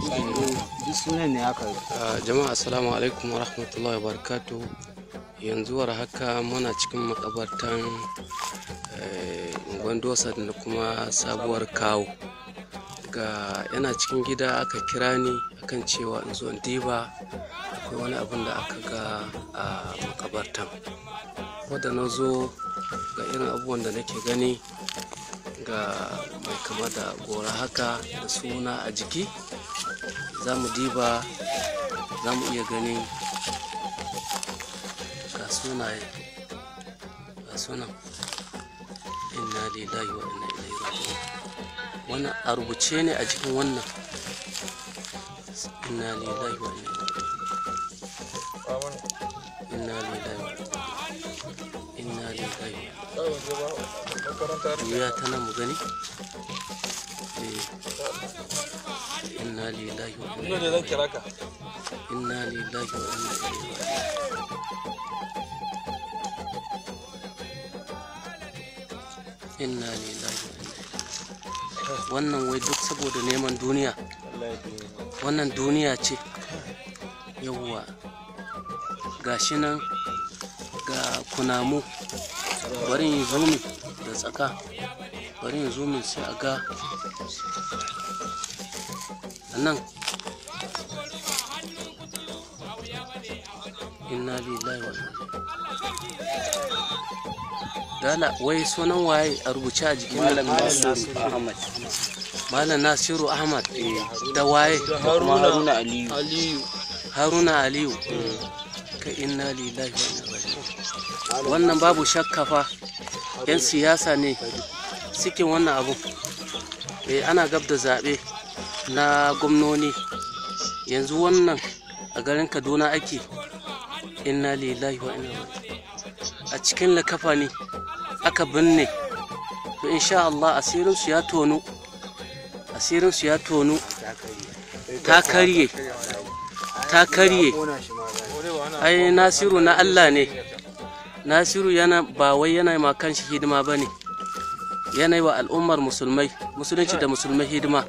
Ah, jama'a assalamu alaikum wa rahmatullahi wa barakatu yanzu war haka muna cikin makabartan eh, gwandosa da kuma sabuwar kawo ga yana cikin gida aka kira ni akan cewa in zo diba akwai wani abin da aka ga a makabartan wadda na zo ga irin abubuwan da nake gani ga mai kama da gora haka da suna a jiki za mu diba za mu iya ganin ga sunaye ga sunan inna lillahi wa inna ilaihi raji'un wannan a rubuce ne a cikin wannan inna lillahi wa inna inna lillahi inna lillahi ya ta mu gani eh lillahi wa inna inna lillahi wa inna ilaihi inna lillahi wa inna wannan wai duk saboda neman duniya wannan duniya ce yawwa gashi nan ga kunamu bari yin da tsaka bari yin zumi sai a ga nan inna lillahi wa dala wai sunan waye a rubuce a jikin malam nasiru ahmad malam nasiru ahmad eh, da waye haruna aliyu haruna aliyu eh. ka inna lillahi wa wannan babu shakka fa yan siyasa ne suke wannan abu eh, ana gab da zaɓe na gwamnoni yanzu wannan a garin kaduna ake inna lillahi wa inna a cikin lakafa ne aka binne to insha Allah asirinsu ya tonu asirinsu ya tonu ta karye ta karye ai nasiru na Allah ne nasiru yana ba wai yana ma kanshi hidima ba ne yanayi wa al'ummar musulmai musulunci da musulmai hidima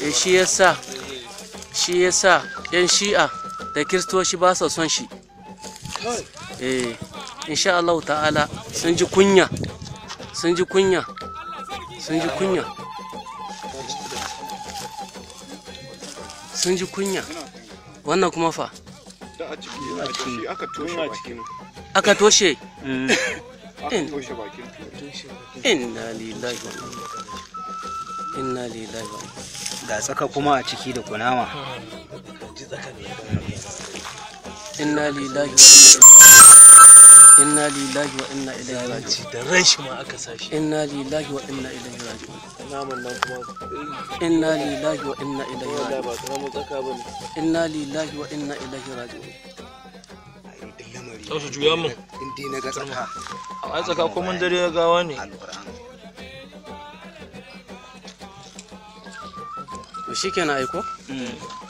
eh shi yasa shi yasa yan shi'a da kiristoci ba su son shi eh insha Allah ta'ala sun ji kunya sun ji kunya sun ji kunya sun ji kunya wannan kuma fa aka toshe hmm. aka toshe inna lillahi wa inna ilaihi raji'un inna lillahi ga tsaka kuma a ciki da kunama inna lillahi wa inna lillahi wa inna ilaihi raji'un da ran shi ma aka sashi inna lillahi wa inna ilaihi raji'un naman nan kuma inna lillahi wa inna ilaihi raji'un ba ta mu tsaka bane inna lillahi wa inna ilaihi raji'un su juya mun. Indi na ga tsaka. A tsaka kuma dare ya gawa ne. shi kenan aiko mm.